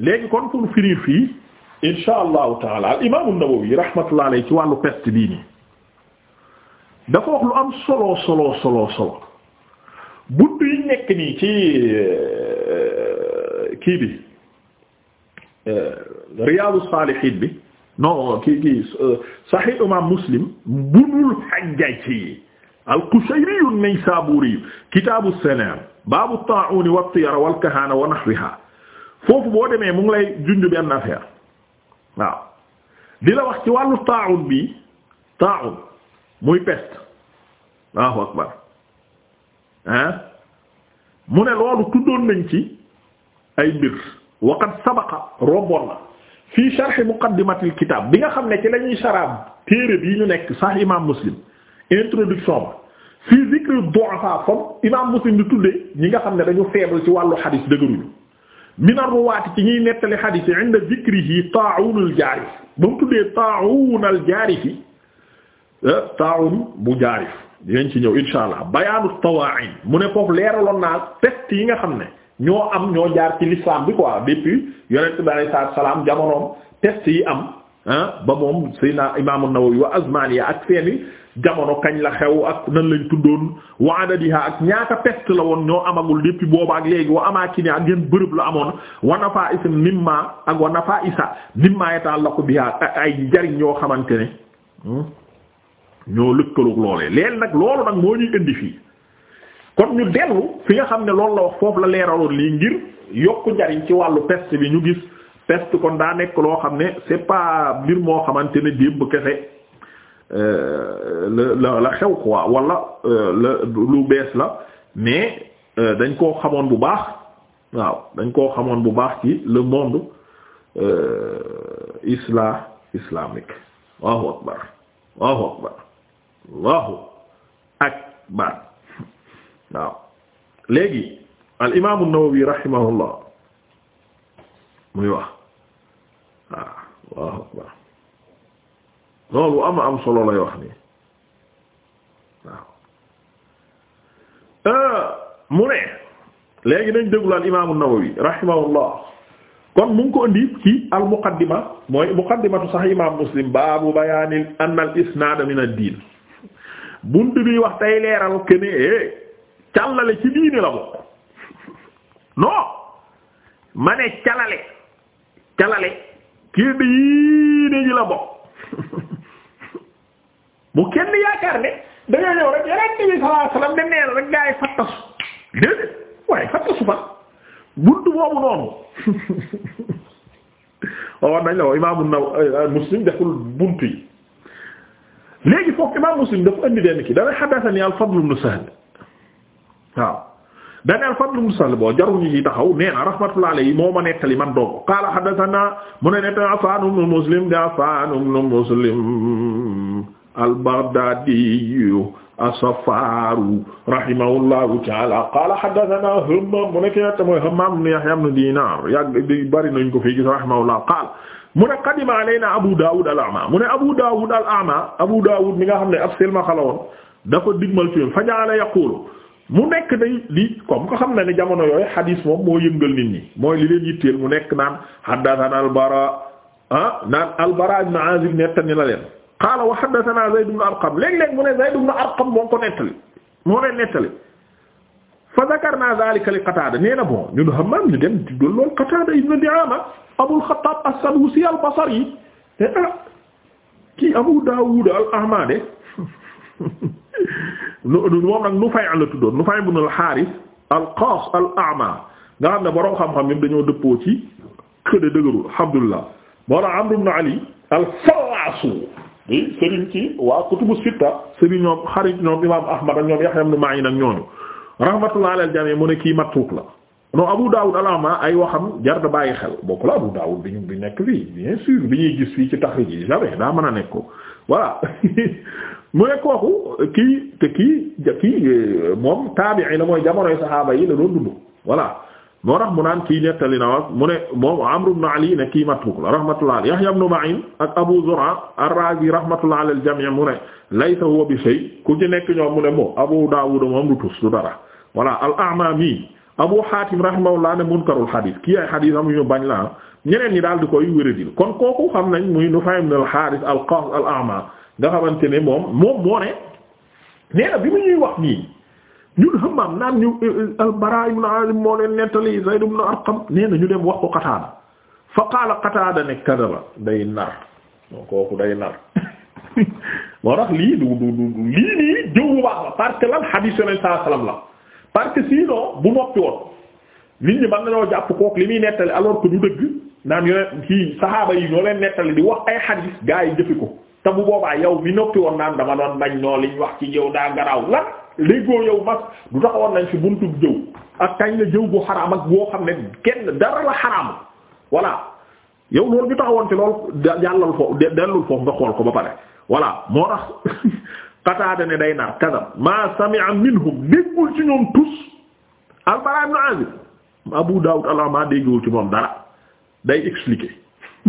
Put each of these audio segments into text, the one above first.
léegi kon pour finir fii insha allahu taala al imaam an-Nawawi rahmatullah alayhi ci wàllu peste bii nii dafa wax lu am solo solo solo solo bunt yi nekk nii ci euh, kii bi euh, Riyadou Salihine bi non kii kii euh, Sahih imam Muslim bunul Hajjaji al-Qushayri an-Naysaburi kitabu as-salam babu at-ta'un wat-tiyara wal-kahana wa nahwiha foofu boo demee mu ngi lay junj benn affaire waaw di la wax ci wàllu taa'un bi taa'un muy peste Allahu akbar ah mu ne loolu tuddoon nañ ci ay mbir wa qad sabaqa romboon na fii sharh muqaddimatil kitab bi nga xam ne ci lañuy saraab téere bi ñu nekk sahih imam muslim introduction ba fii zikru du'afa fam imam muslim di tuddee ñi nga xam ne dañu faible ci wàllu hadith dëgëruñu min ar-ruwaati ci ñuy nettali xadiis yi inda zikrihi taa'uunul jaarif ba mu tuddee taa'uunal jaarif yi bu jaarif dinañ ci ñëw insha allah bayaanu tawaa'in mu ne foofu leeraloon naa peste yi nga xam ne ñoo am ñoo jaar ci l'islam bi quoi depuis yonent bi alayhi salaatu salaam jamonoom peste yi am ah ba moom Seydina Imaam An-Nawawi wa azmaani ak seeni jamono kañ la xew ak nan lañ tuddoon wa adadiha ak ñaata peste la woon ñoo amagul depuis booba ak léegi wa amaakin ak yéen bërëb la amoon wa nafaa'is mimma ak wa nafaa'isa mimma yata'allaqu biha ay jariñ ñoo xamante ne hmm, ñoo lëkkaloog loolee leen nag loolu nag moo ñuy indi fii kon ñu dellu fi nga xam ne loolu la wax foofu la leeraloon lii ngir yokku njariñ ci wàllu peste bi ñu gis peste kon daa nekk loo xam ne c'est pas mbir moo xamante ne démb kese euh, la la xew quoi wala euh, la lu bees la mais euh, dañ koo xamoon bu baax waaw dañ koo xamoon bu baax ci le monde euh, isla islamique Allahu akbar Allahu akbar Allahu akbar waaw léegi al imaamu Nawawi rahimahullah muy wax waaw Allahu akbar loolu am am solo lay wax nii Ah, mu ne léegi nañ déglu al imaamu Nawawi rahimahullah kon mu ngi ko indi ci al muqaddima mooy muqaddimatu sahih imaam Muslim baabu bayaani anna al isnaada min ad diin bunt bi wax tey leeral ke ne eh, ci diine la bokk non ma ne calale calale ci diine ji la bokk bu kenn yaakaar ne. da ngay ñëw rek yeneen nabi sallallahu alayhi wasallam da neen rek gaa yi fattasu déedéet waaye fattasu fa buntu boobu noonu waaw nañ la waaw imaamu Nawawi euh, Muslim deful buntu yi léegi foofu imaam Muslim dafa andi benn ki dana haddathani al-Fadl ibn Sahl waaw dana al-Fadl ibn Sahl boo jarul ñu ci taxaw nee na rahmatullahi alayhi moo ma nettali man doog qaala haddathana mu ne nettali Affan ibn Muslim da Affan ibn Muslim al-Baghdadiyu as-Saffaaru rahimahullahu ta'ala qaala haddathanaa Hammaam mu nekk ñett mooy Hammaam ibn Yahyaa ibn Diinaar yàgg bari nañ ko fii gis rahimahullah qaala mu ne qadima alaynaa Abu Daawud al-A'maa mu ne Abu Daawud al-A'maa Abu Daawud mi nga xam ne ab silma xalawoon dafa digmal ci fa ja'ala yaquulu mu nekk day di comme ko xam ne ne jamono yooyu hadis moom moo yëngal nit ñi mooy li leen yitteel mu nekk naan haddathanaa al-Baraa ah naan al-Baraa ibn Aazib nettali la leen qaala wa haddathana Zayd ibn Arqam léeg-léeg mu ne Zayd ibn Arqam moo ko nettali moo leen nettali fa dhakarna dhalika li Qatada Di'ama Abul Khattab as-Sadusi al-Basri te ah, Abu Dawud al-A'ma de moom nag Nufay' la tuddoon Nufay' ibn al al-Qas al-A'ma nga xam ne borom xam-xam yëpp dañoo dëppoo ci këdda dëgërul alhamdulillah moo la Amr Ali al-Fallasu di sëriñ ci waa kutubu sitta sëriñ ñoom xarit ñoom imam ahmad ak ñoom Yahya ibn Ma'in ak ñooñu rahmatullah alal jami mu ne kii matruk la non Abu Dawud alama ay waxam jar da bàyyi xel bokk la Abu Dawud bi ñu bi nekk fii bien bi ñuy gis fii ci taxrij yi jamais daa mën a nekk ko voilà mu ne kooku kii te kii kii moom ay la mooy jamonoy saxaaba yi la doon dund voilà moo tax mu naan kii nettali na wax mu ne moom Amr ibn Ali ne kii matruk la rahmatullah alayhi Yahya ibn Ma'in ak Abu Zur'a ar-Razi rahmatullah ala al-jami' mu ne laysa huwa bi shay ku ci nekk ñoom mu ne moom Abu Dawud moom du tus du dara voilà al-A'ma mi Abu Hatim rahimahullah ne munkarul hadith kii ay hadith am ñu bañ la ñeneen ñi daal di koy wéradil kon kooku xam nañ muy Nufay ibn al-Harith al-Qas al-A'ma nga xamante ne moom moom moo ne nee na bi ñun Hammaam naan ñu euh, euh, al-Baraa ibn moo leen nettali Zayd ibn Arqam nee na ñu dem wax ko Qataada fa qaala Qataada ne kadaba day nar donc kooku day nar moo tax lii du du du lii nii jëw bu baax la parce que lan hadiis Yonent saa salaam la parce que bu noppi woon nit ñi mën nañoo jàpp kooku li muy nettali alors que du dëgg naan yonent saxaaba yi ñoo leen nettali di wax ay hadiis gaa yi jëfe ko te bu boobaa yow mi noppi woon naan dama doon bañ noo liñ wax ci jëw daa garaaw lan. léegoo yow mas du taxawoon nañ fi buntu jëw ak kañ la jëw bu xaraam ak boo xam ne kenn dara la xaraam voilà yow loolu ñu taxawoon ci loolu jàllal foofu dellul foofu nga xool ko ba pare voilà moo tax Qataada ne day nar kadam ma sami'a minhum déggul ci ñoom tous al-Bara ibn Azib Abu Dawud alama déggul ci moom dara day expliquer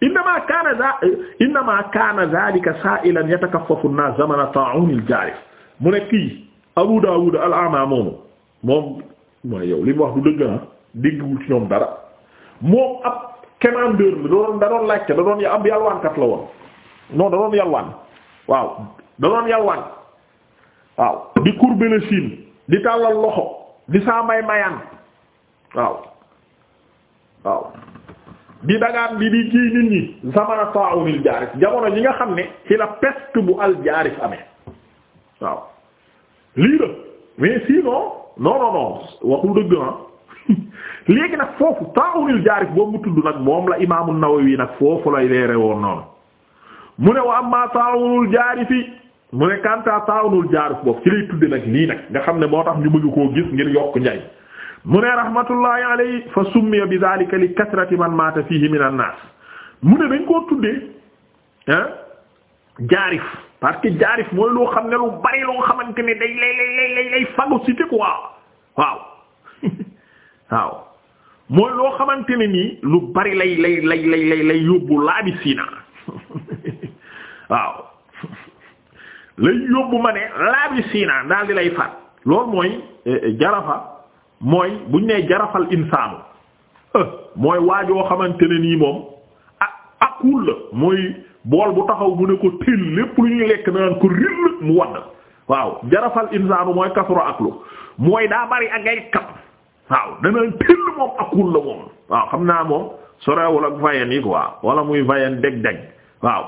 innama kaana za innama kaana zalika sa'ilan yatakaffafu an-nas zamana ta'un al-jarif mu ne kii Abu Dawud al-Ama moom mooy yow li mu wax du dëgg na ah déggwul ci ñoom dara moom ab commandeur bi da doon da doon laajte da doon yalwaankat la woon non da doon yalwaan waaw da doon yalwaan waaw di tàllal loxo di saa may mayaan waaw waaw di dagaan bi di kii nit ñi zamana ta'unil jaaris jamono yi nga xam ne ci la bu al jaaris amee waaw lii la mais sinon non non non dëgg ah léegi nag foofu taawunil jaarif boobu mu tudd nag moom la imaamu Nawawi nag foofu lay leere woon noonu mu ne wa amma taawunul jaarifi mu ne kanta taawunul jaarif boobu ci lay tudde nag lii nag nga xam ne boo tax ñu bëgg koo gis ngir yokk njay mu ne rahmatullahi alayhi fa summiya bi dhalika li kasrati man maata fihi min an naas mu ne dañ koo tuddee ah jaarif parce que jaarif mooy loo xam ne lu bari loo xamante ni day lay lay lay lay loo xamante ne nii lu bari lay lay lay lay lay lay yóbbu laabi siina waaw lay lay faat loolu mooy eh, eh, jarafa mooy buñ nee jarafal insaanu eh, mooy waajoo xamante ne nii moom ah, ak akul la mooy. bool bu taxaw mu ne ko til lépp lu ñuy lekk naan ko rill mu wadd waaw jarafal insaanu mooy kasura aklu mooy daa bari ak ngay kap waaw danaan till moom akul la moom waaw xam naa moom sorewul ak vayen yi quoi wala muy vayen deg-deg waaw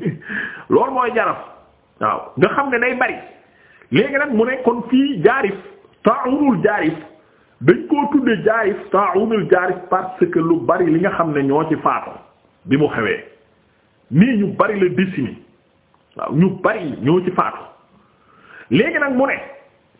loolu mooy jaraf waaw nga xam ne day bari léegi nag mu ne kon fii jaarif ta'unul jaarif dañ koo tudde jaarif ta'unul jaarif parce que lu bari li nga xam ne ñoo ci faatu bi mu xewee nii ñu bari la décimé waaw ñu bari ñoo ci faatu léegi nag mu ne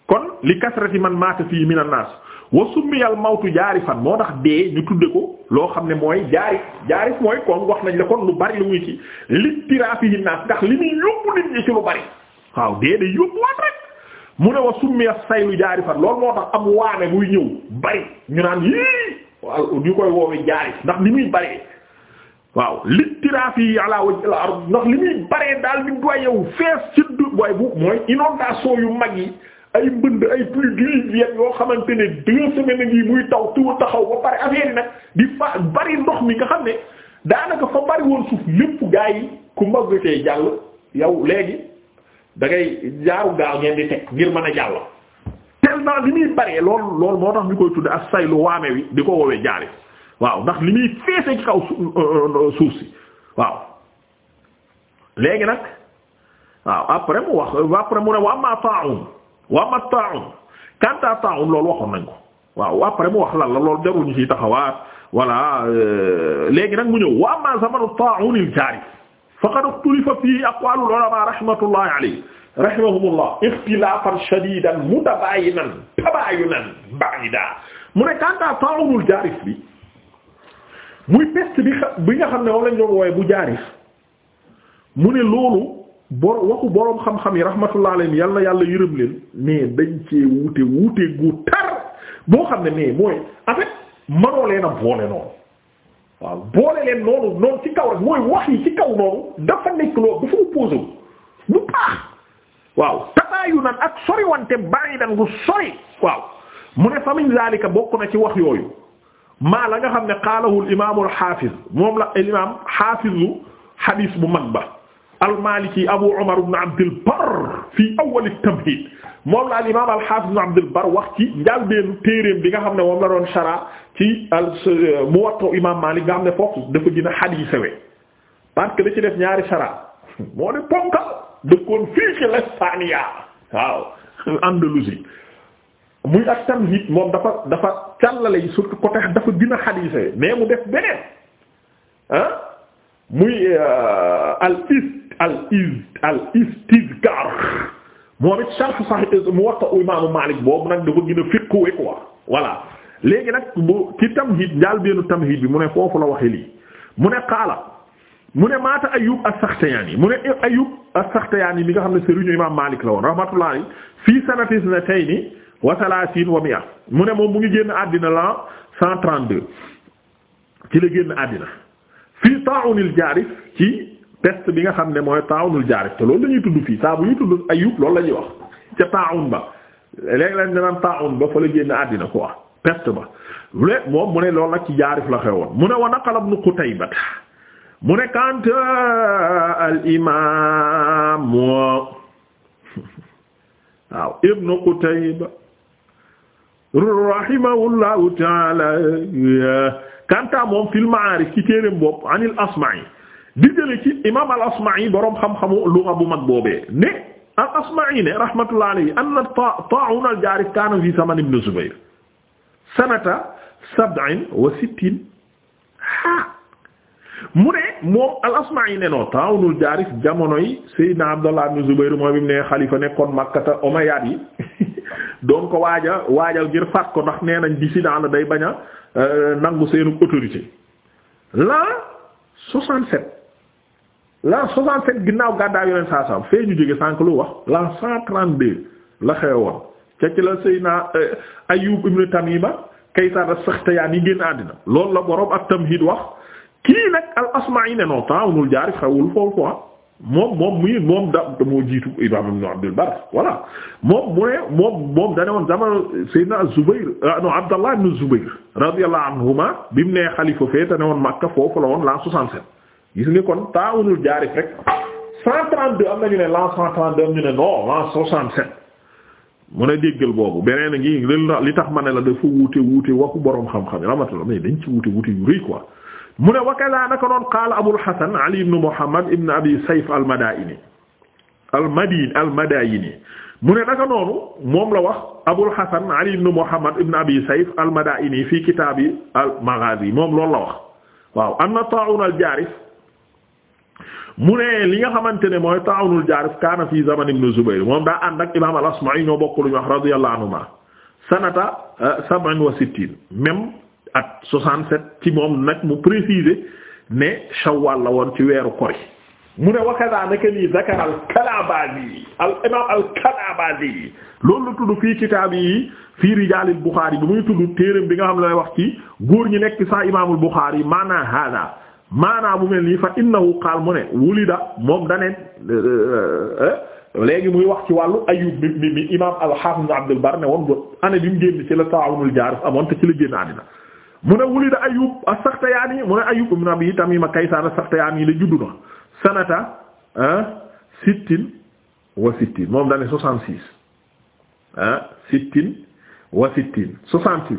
kon li kasrati man maata fii minan nas wa summiyal mawtu jaari fan moo tax dee ñu tudde ko loo xam ne mooy jaari jaarif mooy kon wax nañ la kon lu bari lu muy ci littiraafi yi naas ndax li muy yóbbu nit ñi ci lu bari waaw dee de yóbbu waat rek mu ne wa summiyal saylu jaari fan loolu moo tax am waane muy ñëw bari ñu naan yii waaw ñu koy woowe jaari ndax li muy bari waaw littiraafi ala wajhil ard ndax li muy baree daal di doyew fees ci du booy bu mooy inondation yu mag yi ay mbënd ay pluie diluvienne yoo xamante ne deux semaines ngi muy taw tuur taxaw ba pare affaire yi nag di fa bari ndox mi nga xam ne daanaka fa bari woon suuf lépp gaa yi ku mbagatee jàll yow léegi dangay ngay jaaru gaal ngeen di teg ngir mën a jàll tellement li muy baree lool lool moo tax ñu koy tudde as saylu waame wi di ko woowee jaare waaw ndax li muy feese ci kaw euh, euh, suuf si waaw léegi nag waaw après mu wax après mu ne wa ma ta'un wa ma ta'un kanta ta'un loolu waxoon nañ ko waaw après mu wax lan la loolu jarul ñu ciy taxawaat voilà euh, léegi nag mu ñëw wa ma zamanu ta'un al-jaari faqad ikhtalafa fihi aqwaalu al-ulamaa rahmatullahi alayhi rahimahumullah ikhtilaafan shadiidan mutabaayinin tabaayunan baa'idan mu ne kanta ta'un al-jaari bi muy peste bi xa bi nga xam ne moom lañ doon wooye bu jaarif mu ne loolu bor waxu boroom xam-xam yi rahmatullah alayhi yàlla yàlla yërëm leen mais dañ cee wuute wuute gu tar boo xam ne mais mooy en manoo leen a boole noonu waaw boole leen noonu noonu ci kaw rek mooy wax yi ci kaw noonu dafa nekk loo dafa opposé wu bu baax waaw tataayu nan ak soriwante bari dan gu sori waaw mu ne famin zalika bokk na ci wax yooyu maa la nga xam ne qaalahu al imaam al xaafiz moom la al imaam xaafizu xadiis bu mag ba al maliki abu umar ibn abd al barr fii awwal al tamhiid moom la al imaam al xaafiz ibn abd al barr wax ci njàlbéenu téereem bi nga xam ne moom la doon shara ci al muwatta imaam maalik nga xam ne foofu dafa gën a xadiisewe parce que da ci def ñaari shara moo ne ponkal dëkkoon fii ci l'Espagne waaw Andalousie muy ak tamhid moom dafa dafa càllale yi surtout côté dafa gën a xadiise mais mu def beneen ah muy euh, al is al is al istizkar moom it sharh sahih Muwatta imaamu Maalik boobu nag dafa gën a fiqwe quoi voilà léegi nag bu ci tamhid njaal beenu tamhid bi mu ne foofu la waxe lii mu ne qaala mu ne maata Ayyub as-Saxtiyaani mu ne Ayyub as-Saxtiyaani mi nga xam ne sëriñu imaam Maalik la woon rahmatullahi fii sanati sanatayni wa salaasin wa mu ne moom mu ngi génn àddina lan 132 ci la génn àddina fii ta'unil jaarif ci peste bi nga xam ne mooy ta'unul jaarif te loolu la tudd fii saa bu ñuy tudd Ayyub loolu la ñuy wax ca ta'un ba léegi lañ danaan ta'un ba fa la génn àddina quoi peste ba lé moom mu ne loolu nag ci jaarif la xewoon mu ne wa naqala ibn Qutayba mu ne kant al imam waaw ibn Qutayba rahimahullahu taala kanta moom fil ma'arij ci téereem bopp anil asma'i di jële ci imam al asma'i boroom xam-xamu lugha bu mag boobee ne al asma'i ne rahmatullahi alayhi anna ta'un al jaarif kaana fi zaman ibn zubayr sanata sab'in wa sittin mu ne moom al asma'i ne non ta'unul jaarif jamonoy sayyidina abdullah ibn zubayr mooy bi mu ne xalifa nekkoon makkata umayyad yi doon ko waaja waajal ngir faat ko ndax nee nañ dissident la day baña a euh, nangu seenu autorité l'an 67 l'an 67 ginnaaw gàddaay yoneen saa saam fee ñu jóge sànq lu wax l'an 132 la xewoon ca ci la Seydina euh, Ayyub ibn Tamima Kaysar as-Sakhtiyani yi génn àddina loolu la borom ak Tamhid wax kii nag al Asma'i ne non temps wunul jaarif xewul foofu quoi ah. moom moom muy moom da moo jiitu imam ibn Abdul Barr voilà moom mu ne moom moom dane woon zaman Seydina Zubayr ah non Abdallah ibn Zubayr radiyallahu anhuma bi mu nee xalifa fee te ne woon Makka foofu la woon l'an 67 gis nga kon taawunul jaarif rek 132 am nañu ne l'an 132 am ñu ne non l'an 67 mu ne déggal boobu beneen ngi li tax ma ne la dafa wuute wuute waxu boroom xam-xam yi ramatula mais dañ ci wuute wuute yu rëy quoi mu ne wakada naka noon qaala Abul Hasan Ali ibn Muhammad ibn Abi Sayf al-Madaini al-Madini al-Madaini mu ne naka noonu moom la wax Abul Hasan Ali ibn Muhammad ibn Abi Sayf al-Madaini fi kitaabi al-Maghazi moom loolu la wax waaw anna ta'un al-Jarif mu ne li nga xamante ne mooy ta'un al-Jarif kaana fi zaman ibn Zubayr moom daa ànd ak imaam al-Asma'i ñoo bokk lu ñu wax radiyallahu anhuma sanata eh, sab'in wa sittin même at 67 ci moom nag mu préciser ne shawwal la woon ci weeru kori mu ne wakada naka nii zakar al Kalabazi al imam al Kalabazi loolu la tudd fii kitaab yi fii rijaalil Buxaari bi muy tudd téereem bi nga xam ne lay wax ci góor ñi nekk saa imaamul Buxaari maana hada maana bu mel nii fa innahu qaal mu ne wulida moom daneen euh, euh, léegi muy wax ci wàllu ayub bi mi mi imam al-Hafiz Abdul Bar ne woon année bi mu génn ci la taawunul jaaris amoon te ci la génn mu ne wulida ayub as-Saxtiyaani mu ne ayub ibn Abi Tamiima Kaysaan as-Saxtiyaani la juddu na sanata ah, sittin wa sittin moom daal ne soixante six ah, sittin wa sittin soixante six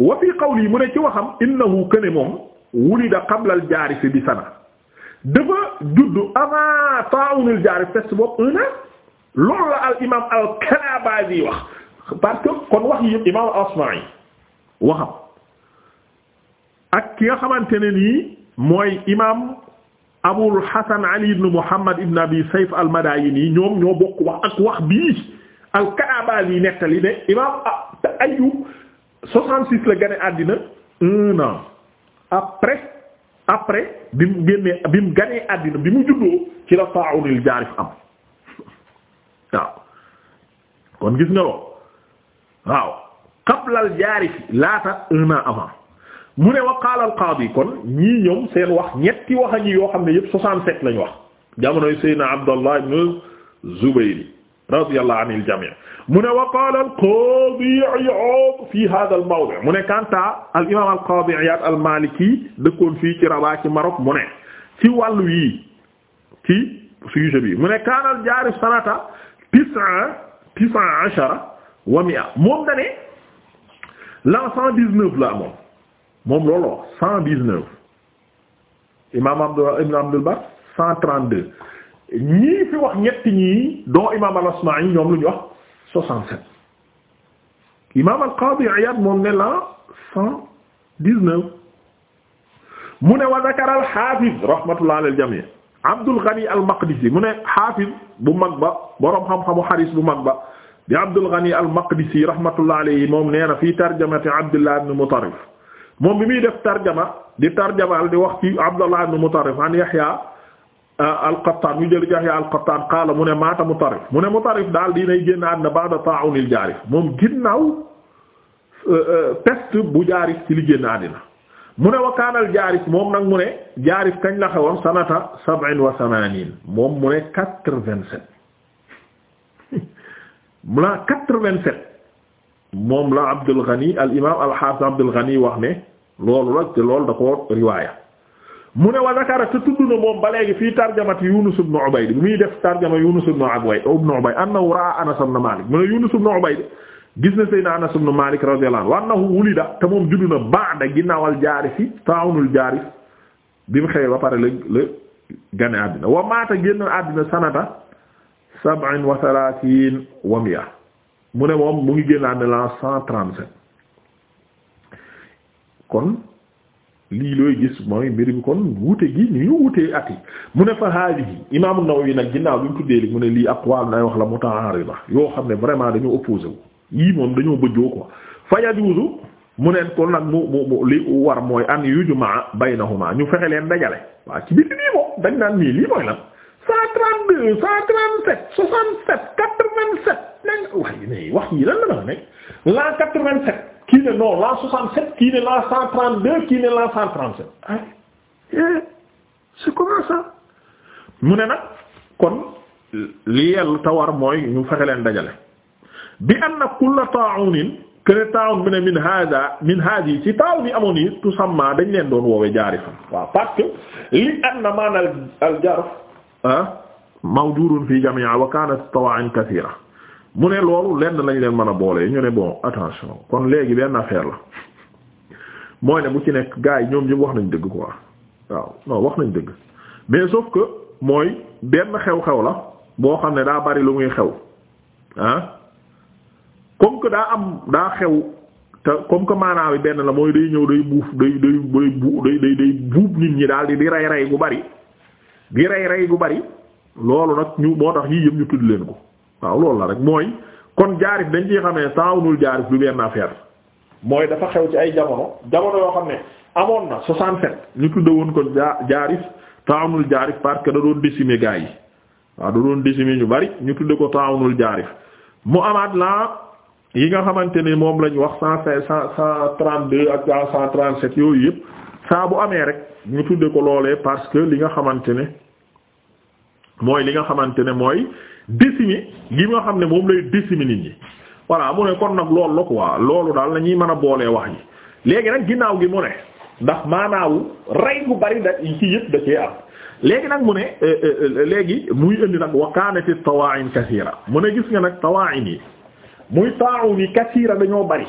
wa fi qawli mu ne ci waxam innahu kaana moom wulida qabla al-Jaarif bi loolu la al imaam al-Kalaabazi wax parce que kon wax yi imaam al-Asma'i waxam. ak ki nga xamante ne nii mooy imaam Abul Hasan Ali ibn Muhammad ibn Abi Sayf al-Madayini ñoom ñoo bokk wax ak wax bii al-Ka'bali nettali ne imaam Ayyub 66 la gane àddina après après bi mu génnee bi mu ganee àddina bi mu juddoo ci la ta'unil jaarif am kon gis nga loo waaw qabla al jaarif laata un avant. mu ne wa qaala al qaadi kon ñii ñoom seen wax ñetti wax a ngi yoo xam ne yëpp 67 lañ wax jamonoy Seydina Abdallah ibn Zubayr radiyallahu anil jami' mu ne wa qaala al qaadi Iyaad fi haaza al mawdi' mu ne Kanta al imaam al qaadi Iyaad al Maliki dëkkoon fii ci Rabat ci Maroc mu ne ci wàllu yii ci sujet bi mu ne kaana al jaarif sanata tis'a wa mi'a moom dane la 119 la amoon moom loolu cent dix-neuf imaam Abdul ibn Bar cent fi wax ñetti ñii doo imaam al-Asma'i ñoom lu ñu wax soixante-sept imaam al-Qadi Iyad moom ne la cent dix-neuf mu ne wa dhakara al-Hafiz rahmatullah ala al-jami' Abdul Ghani al-Maqdisi mu ne Hafiz bu mag ba boroom xam-xamu xaris bu mag ba di Abdul Ghani al-Maqdisi rahmatullah alayhi moom nee na fii tarjamati Abdullah ibn Mutarrif moom bi muy def tarjama di tarjamaal di wax ci Abdallah ibn Mutarrif an Yahya euh, al-Qattan ñu jël Yahya al-Qattan qaala mu ne maata Mutarrif mu ne Mutarrif daal dinay génn àddina ba'da ta'unil jaarif moom ginnaaw euh, euh, peste bu jaarif ci li génn àddina mu ne wa kaana al-jaarif moom nag mu ne jaarif kañ la xewoon sanata sab'in wa samaaniin moom mu ne quatre-vingt-sept la quatre-vingt-sept moom la Abdul Ghani al imaam al-Hafiz Abdul Ghani wax ne loolu la te lool da ko riwaaya mu ne wa zakara te tudd na moom ba léegi fii tarjamati Yunus ibn Ubayd bi muy def tarjama Yunus ibn Ubayd ibn Ubayd annahu ra'a Anas ibn Malik mu ne Yunus ibn Ubayd gis na Seydina Anas ibn Malik radiyallahu anhu wa annahu wulida te moom juddu na ba'da ginnaawal jaarisi ta'unul jaaris bi mu xëyee ba pare la la gane àddina wa maata génn àddina sanata sab'in wa thalathin wa mu ne moom mu ngi génna àddina la kon lii looy gis mooy mbir mi kon wuute gi ni ñu wuutee at yi mu ne fa haadihi imaam an-Nawawi nag ginnaaw bi mu tuddee li mu ne lii aqwaal nay wax la muta'aarida yoo xam ne vraiment dañoo opposé wu yii moom dañoo bëjoo quoi fa yajuuzu mu neen kon nag mu mu mu li war mooy an yujma baynahuma ñu fexe leen dajale waaw ci biir lii moom dañ naan nii lii mooy lan cent trente-deux cent trente-sept soixante-sept quatre-vingt-sept nag wax yi lan la dafa l'an quatre kii ne non l'an 67 kii ne l'an 132 kii ne l'an 137 ah eh, c'est comment ça mu ne nag kon li yell tawar mooy ñu fexe leen dajale bi anna kulla ta'unin kene ta'un bi ne min hada min hadi ci taw bi amoon yi tusamma dañ leen doon woowe jaarifam waaw parce que li anna maana al jarf ah mawjurun fi jami'a wa kanat tawa'in kathira mu ne loolu lenn lañu leen mën a boolee ñu ne bon attention kon léegi benn affaire la mooy ne bu ci nekk gars yi ñoom ñëpp wax nañ dëgg quoi waaw non wax nañ dëgg mais sauf que mooy benn xew-xew la boo xam ne daa bari lu muy xew ah comme que daa am daa xew te comme que maanaa bi benn la mooy day ñëw day buuf day day day bu day day day buub nit ñi daal di di rey rey gu bari di rey rey gu bari loolu nag ñu moo tax yii yëpp ñu tudd leen ko waaw loolu la rek mooy kon jaarif dañ ciy xamee taawunul jaarif lu benn affaire mooy dafa xew ci ay jamono jamono yoo xam ne amoon na 67 ñu tudde woon ko jaa jaarif taawunul jaarif parce que da doon décimer gaa yi waaw da doon décimer ñu bari ñu tudde ko taawunul jaarif mu amaat la yi nga xamante ne moom lañ wax cent cinq cent trente deux ak cent trente sept yooyu yëpp saa bu amee rek ñu tudde ko loolee parce que li nga xamante ne. mooy li nga xamante ne mooy décimer gi nga xam ne moom lay décimer nit ñi voilà mu ne kon nag loolu la waa loolu daal la ñuy mën a boolee wax yi léegi nag ginnaaw gi mu ne ndax maanaawu rey gu bari da ci yëpp da cee am léegi nag mu ne euh, euh, euh, léegi muy indi nag wa kanati tawaa'in kasiira mu ne gis nga nag tawaa'in yi muy taa'un yi kasiira dañoo bari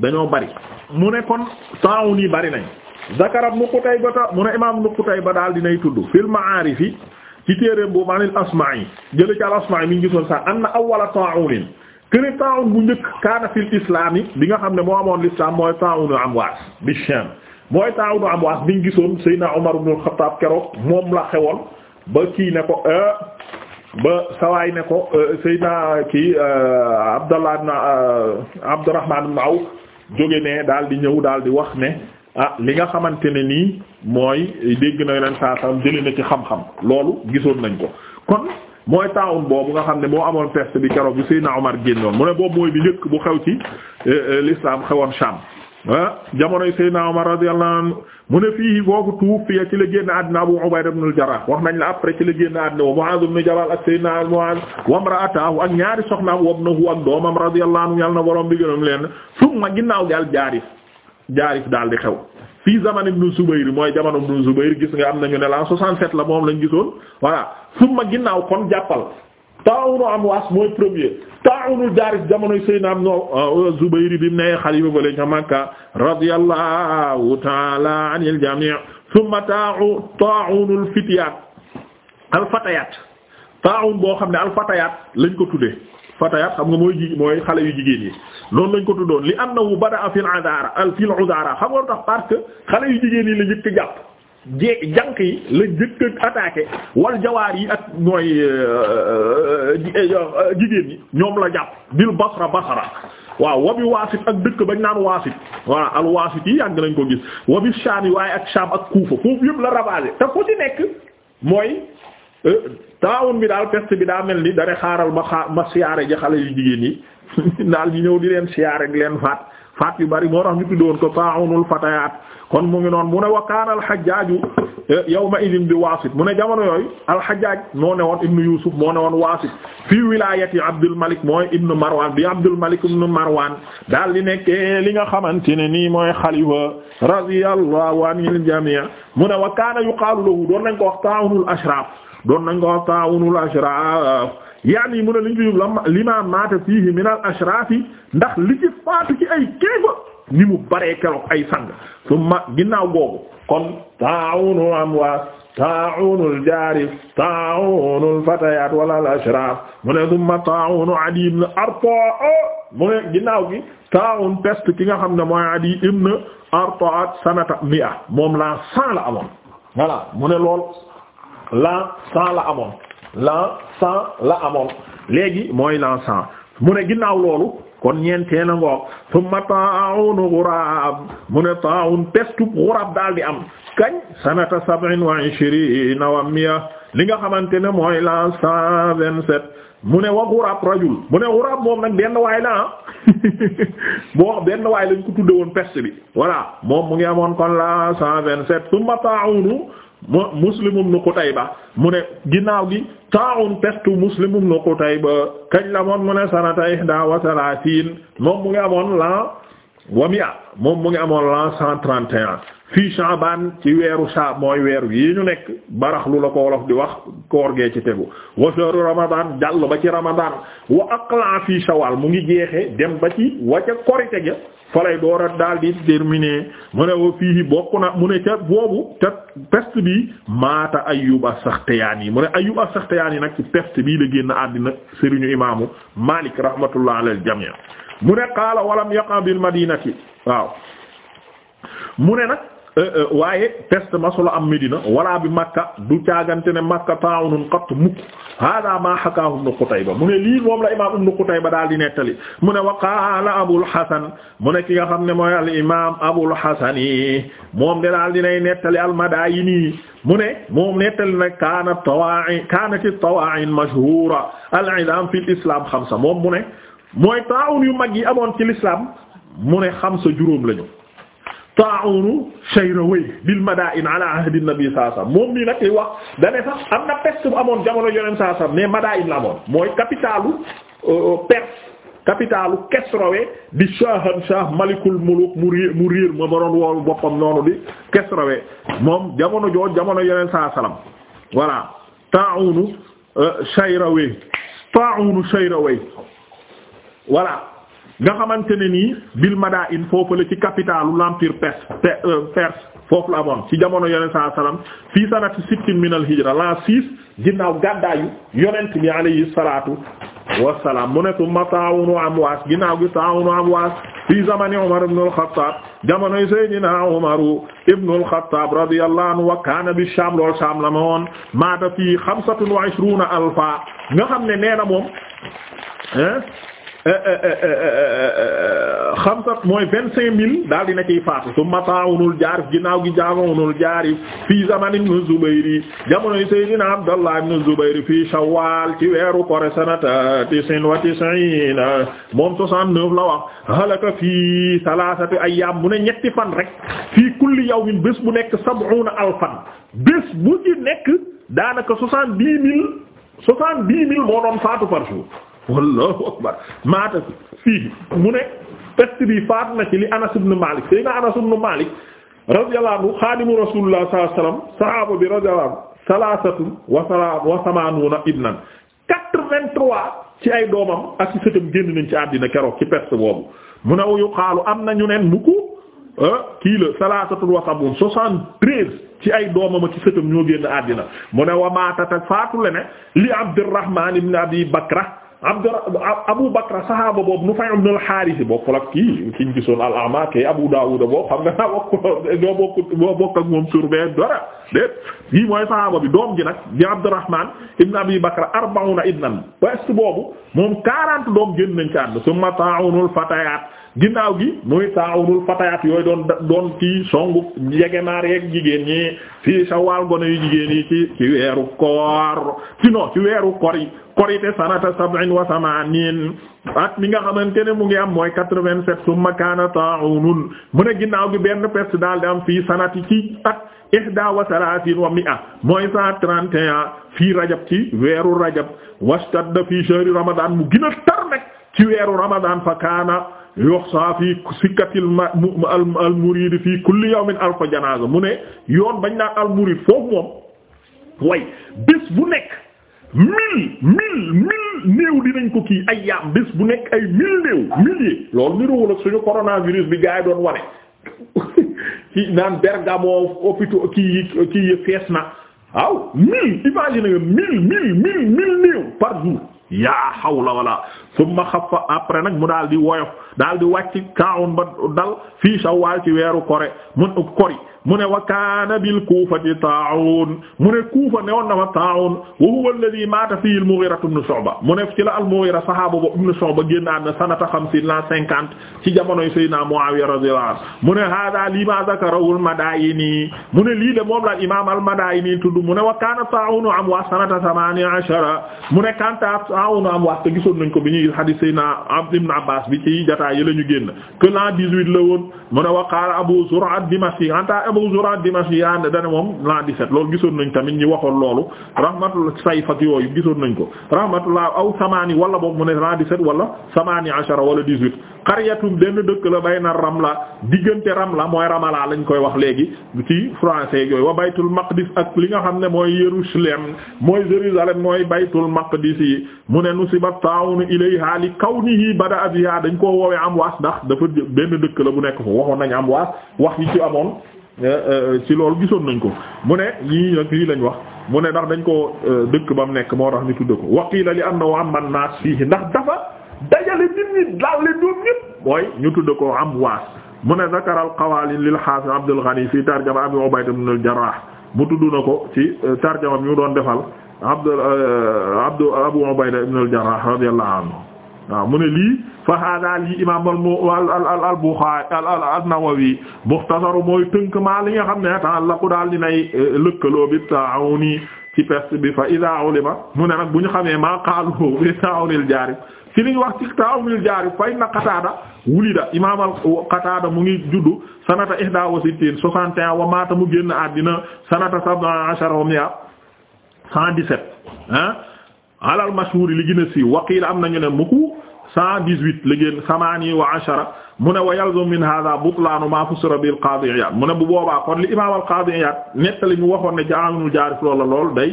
dañoo bari mu ne kon taa'un yi bari nañ zakara ba Qutaybata mu ne imaam ibn ba daal dinay tudd fil ma'aarif ci téeréem boobu anil asma'i jële ci al asma'i ngi gisoon sax anna awwala ta'un kene ta'un bu njëkk kaana fil islam bi nga xam ne moo amoon l'islam mooy ta'unu amwaas bi Sham mooy ta'unu amwaas bi ñu gisoon Seydina Umar ibn al-Khattab keroog moom la xewoon ba kii ne ko euh, ba sawaay ne ko euh, Seydina kii euh, Abdallah ibn Abdurrahman ibn Awf jóge ne daal di ñëw daal di wax ne ah li nga xamante ne nii mooy dégg na leen saa saam jëlee na ci xam-xam loolu gisoon nañ ko kon mooy taawun boobu nga xam ne moo amoon peste bi keroog bi Seydina Omar génnoon mu ne boobu mooy bi njëkk bu xew ci eh, eh, l'islam xewoon Sham ah jamonoy Seydina Omar radiyallahu anhu mu ne fii foofu tuuf fii ci la génn àddina Abu Ubayda ibn al-Jarrah wax nañ la après ci la génn àddina wa Mu'adh ibn Jabal ak Seydina Mu'adh wa imra'atahu ak ñaari soxnaam wabnahu ak doomam radiyallahu anhu yàlla na borom bi gënam leen summa ginnaaw gaal jaaris jaarif daal di xew fii zaman ibn Zubayr mooy jamono ibn Zubayr gis nga am nañu ne la 67 la moom lañ gisoon voilà summa ginnaaw kon jàppal taawunu am waas mooy premier taawunu jaarif jamonoy Seydina am no euh, Zubayr bi mu ne xalifa ba leen ca Makka radiyallahu ta'ala anil jami' summa taau taawunul fitiyat al fatayat boo xam ne al fatayat lañ ko tuddee fatayaat xam nga mooy ji mooy xale yu jigéen yi noonu lañ ko tuddoon li na bada'a fil udara al fil udara xam nga tax parce xale yu jigéen yi la njëkk a jàpp jee jànq yi la njëkk a attaqué wal jawaar yi ak mooy euh, euh, euh, jigéen yi ñoom la jàpp bil basra basra waaw wabi waasit ak dëkk bañ naan waasit voilà al waasit yi yàgg nañ ko gis wabi shaam yi waaye ak shaam ak kuufa foofu yëpp la ravagé te ku ci nekk mooy taawun bi daal peste bi daa mel ni dare xaaral ma xaa ma siyaare ji xale yu jigéen yi daal ñu ñëw di leen siyaare di leen faat faat yu bari moo tax ñu tuddoon ko taawunul fatayaat kon mu ngi noon mu ne wa kaana alxajaaju eh, yawma idin bi waasit mu ne jamono yooyu alxajaaj moo ne woon ibnu yusuf moo ne woon waasit fii wilaayati abdul malik mooy ibnu marwan bi abdul malik ibnu marwan daal di nekkee li nga xamante ne nii mooy xalifa radiyallahu anil jamii mu ne wa kaana yuqaalu lahu doon nañ ko wax taawunul ashraaf doon nañ ko wax taawunul ashraf yaani mu lima maata fiihi min al ndax li ci faatu ci ay kilifa ni mu baree keroog ay sang summa ginnaaw googu kon taawunu amwaas taawunul jaarif taawunul fatayaat wala al ashraf mu ne summa taawunu adi ginnaaw gi taawun peste ki nga xam ne mooy adi ibn lool l'an cent la amoon l'an cent la amoon léegi mooy l'an cent mu ne ginnaaw loolu kon ñeentee na ngoog summa ta'un ghurab mu ne ta'un pestu ghurab daal di am kañ sanata sab'in wa ishrina wa mi'a li nga xamante ne mooy l'an cent vingt-sept mu ne wa ghurab rajul mu ne ghurab moom nag benn waay la ah boo benn waay lañ ko tudde woon peste bi voilà moom mu ngi amoon kon l'an cent vingt-sept summa ta'un mu Muslim ibn Qutayba mu ne ginnaaw gi taawun pestu Muslim ibn ba kañ la moon mu ne sanata ihda wa salaasiin moom mu ngi amoon la wamia moom mu ngi amoon l'an cent trente et un fii Sha'ban ci weeru sa mooy weer yi ñu nekk baraxlu la ko wolof di wax koor gee ci tegu wa shahru ramadan jàll ba ci ramadan wa aqla fii shawal mu ngi jeexe dem ba ci wa wacca korite ga falay door a daal di terminé mu ne wa fii bokk na mu ne ca boobu te peste bi maata Ayyub as-Saxtiyaani mu ne Ayyub as-Saxtiyaani nag ci peste bii la génn àddina sëriñu imaamu Maalik rahmatullah alal jamii mu ne qaala walam yaqa bil madinati waaw mu ne nag euh, euh, waaye peste masula am Medina wala bi Makka du caagante ne Makka ta'unun qatt mukk hada ma hakahu Ibn Qutayba mu ne lii moom la imaam Ibn Qutayba daal di nettali mu ne wa qaala Abul Hasan mu ne ki nga xam ne mooy al imaam Abul Hasan yi moom de daal dinay nettali al Madaayini mu ne moom nettali nag kaanat tawaa'in kaanat tawaa'in mashhuura al-i'laam fil islaam xamsa moom mu ne mooy taawun yu mag yi amoon ci l'islam mu ne xam sa juróom lañu taawunu Shayrawayh bil madaa'in ala ahdi nabi sallallahu alayhi moom nii nag li wax dane sax am na peste bu amoon jamono yoneen sallallahu alayhi wasallam mais madaa'in la amoon mooy capitalu euh, Perse capitalu Kesrowe di Shahan Shah malikul muluk mu réer ma doon woowu boppam noonu di Kesrowe moom jamono jooju jamono yeneen sallallahu alayhi wasallam voilà taawunu euh, Shayrawayh taawunu Shayrawayh voilà nga xamante ne ni bil Madain in la ci capitalu l'empire perse euh, perse foofu la amoon ci jamono yonent saa salaam fii sanati sittin min al hijra la six ginnaaw gàddaayu yonent bi alayhi salaatu wassalaam mu nekk ma taawunu Amwaas ginnaaw gi taawunu Amwaas fii zamani Umar ibn al-Khattab jamonoy Seydina Umar ibn al-Khattab radiyallahu anhu wa kaana bi Shaam lool Shaam maata fii alfa nga xam ne nee na moom. Euh, euh, euh, xamsa mooy vingt cinq mille daal dina ciy faatu su mataawunul jaarif ginnaaw gi jaamawunul jaarif fii zaman ibn Zubayri jamonoy Seydina Abdallah ibn Zubayri fii Shawwal ci weeru kore sanata tisin wa tisin moom soixante-neuf la wax halaka fii salasatu ayyam mu ñetti fan rek fii kulli yawmin bés bu nekk sab'una alfan bés bu ci nekk daanaka soixante-dix mille soixante faatu par jour wallahu akbar maata fii mu ne peste bi faat na ci li Anas ibn Malik Seydina Anas ibn Malik radiyallahu anhu xaadimu rasulullah sallallahu alayhi wasallam sahaaba bi radiyallahu anhu salaasatun wa salaam wa samaanuuna ibnan quatre vingt ci ay doomam ak ci sëtam génn nañ ci àddina keroog ci peste boobu mu ne wu xaalu am na ñu neen mukk ah, kii la salaasatun wa sabun soixante-treize ci ay doomam ak ci sëtam ñoo génn àddina mu ne wa maatatak faatu le ne li Abdurrahman ibn Abi Bakra Abdu Abu Bakra saxaaba boobu Nufay ibn al-Haaris bokkul ak kii ki ñu gisoon al-A'maa kii Abu Daawud boobu xam nga daa bokk doo bokk suur bee dara déet kii mooy saxaaba bi doom ji nag di Abdurrahmaan ibn Abi Bakra arba'uuna ibnan boobu moom 40 doom génn nañ ci àdduna summa ginnaaw gi muy taawunul fatayaat yooyu doon doon ci songu yegemaar yeeg jigéen ñi fii sawaal gone yu jigéen yi ci weeru koor ci non ci weeru kor yi korite sanata sab'in wa samaaniin at mi nga xamante ne mu ngi am mooy quatre-vingt-sept summa kaana taawunun mu ne ginnaaw gi benn peste daal di am fii sanati ci at ihda wa salaasin wa mi'a mooy cent trente et un fii rajab ci weeru rajab washtadda fii shahri ramadan mu gën tar nag ci weeru ramadan fa kaana yuhsa fi sikkatil al murid fi kulli yawmin alf janaza mu ne yoon bañ naan al murid foofu moom way bés bu nekk mille mille mille néew dinañ ko kii ay yaam bés bu nekk ay mille néew milliers loolu niruwul ak suñu coronavirus bi gaa yi doon wane ci naan Bergamo hôpital kii kii fees na waaw mille imagine nga mille mille mille mille néew par jour yaa hawla wala summa xafa après nag mu daal di woyof daal di wàcc kaawun ba dal fii shawwal ci weeru kore mun kori mu ne wa kaana bil kuufati taa'uun mu ne kuufa ne woon na fa taa'uun wa huwa alladhi maata fihi al-Mughira ibn Shu'ba mu ne ci la al-Mughira sahaaba ba ibn Shu'ba génnaat na sanata xamsiin la cinquante ci jamonoy Seydina Muawiya radiyallahu anhu mu ne haadaa limaa zakarahu al-Madaayini mu ne lii de moom la imaam al-Madaayini tudd mu ne wa kaana taa'uun amwaas sanata thamaaniya ashara mu ne kaana taa'uun amwaas te gisoon nañ ko bi ñuy hadiis Seydina Abd ibn Abbaas bi ci jotaay yi la ñu génn que l'an dix-huit la woon mu ne wa qaala Abu Zur'a ad-Dimashqi Abu Zur'a Dimashi yaa ne dana moom l'an 17 loolu gisoon nañ tamit ñi waxoon loolu rahmatullah sayf ak yu gisoon nañ ko rahmatullah aw samaani wala boog mu ne l'an 17 wala samaani ashara wala 18. xaryatum benn dëkk la bay na ram Ramla diggante ram Ramla mooy Ramala lañ koy wax léegi ci français yooyu wa baytul maqdis ak li nga xam ne mooy Yerusalem mooy Jérusalem mooy baytul maqdis yi mu ne nusibat ta'un ilayha li kawnihi bada'a biha dañ koo woowee am waas ndax dafa benn dëkk la bu nekk foofu waxoon nañ am waas wax yi ci amoon. Eh, eh, eh, ci lool gisoon nañ ko mu ne lii nag lii wax mu ne ndax dañ ko dëkk ba mu nekk moo tax ñu tudd ko waqiila li annahu amman naas fiihi ndax dafa dajale nit ñi daal leen ñoom ñëpp mooy ñu tudd ko am waas mu ne zakara al qawaalin lil haafiz Abdul Ghani fi tarjama Abi Ubayda ibn al Jarrah mu tudd na ko ci tarjama bi mu doon defal Abdul Abdu Abu Ubayda ibn al Jarrah radiyallahu waaw mu ne lii fa hada lii imam al al Bukhari al Nawawi mukhtasaru mooy tënk maa li nga xam ne ta'allaqu daal di nay eh, lëkkaloo bi ta'awuni ci peste bi fa idaa ulima mu ne nag bu ñu xamee maa qaalu bi ta'awunil jaarib ci li wax ci ta'awunil jaarib fay na Qataada wulida imaam al Qataada mu ngi juddu sanata ihda wa soixante et un mu génn àddina sanata sab'a ashara wa cent dix-sept ah alal mashhur li gën siiw waqiila am nañu ne muku saa la génn samaani wa ashara mu ne wa yalzum min hadha butlaanu ma fusira bil qaadi Iyaad mu ne bu boobaa kon li imaam al qaadi Iyaad nettali ñu waxoon ne jaanul jaarif loola lool day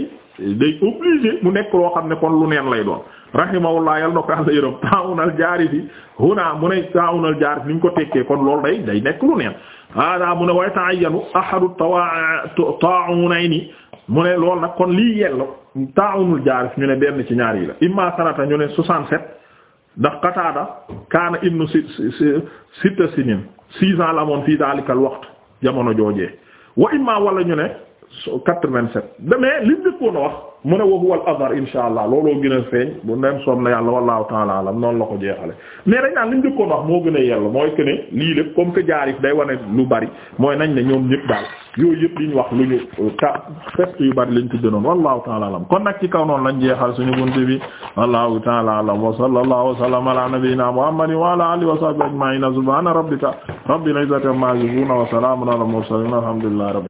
day obligé mu nekk loo xam ne kon lu neen lay doon rahimahullah yal na ko àlla yërëm taawunal jaarif yi huna mu ne taawunal jaarif ni ñu ko tekkee kon loolu day day nekk lu neen hada mu ne wa taa ahadu taa'unayni mu ne loolu nag kon lii yell taawunul jaarif ñu ne benn ci ñaar yi la imma sanata ñu ne 67 ndax Qataada kaana ibnu si sitta sinin six ans la amoon fii daalikal waxtu jamono joojee wa imma wala ñu ne quatre-vingt-sept mais li njëkkoon a wax mu ne wa huwa insha allah looloo gën a feeñ bu ndem soom na yàlla wallahu ta'ala alam noonu la ko jeexale mais dañ naan li njëkkoon a wax moo gën a yell mooy que ne lii lépp comme que jaarif day wane lu bari mooy nañ ne ñoom ñëpp daal yooyu yëpp liñ wax lu ñu euh, ta fest yu bari lañ tudde noonu wallahu ta'ala kon nag ci kaw noonu lañ jeexal suñu buntu bi wallahu ta'ala alam wa sallallahu wa sallama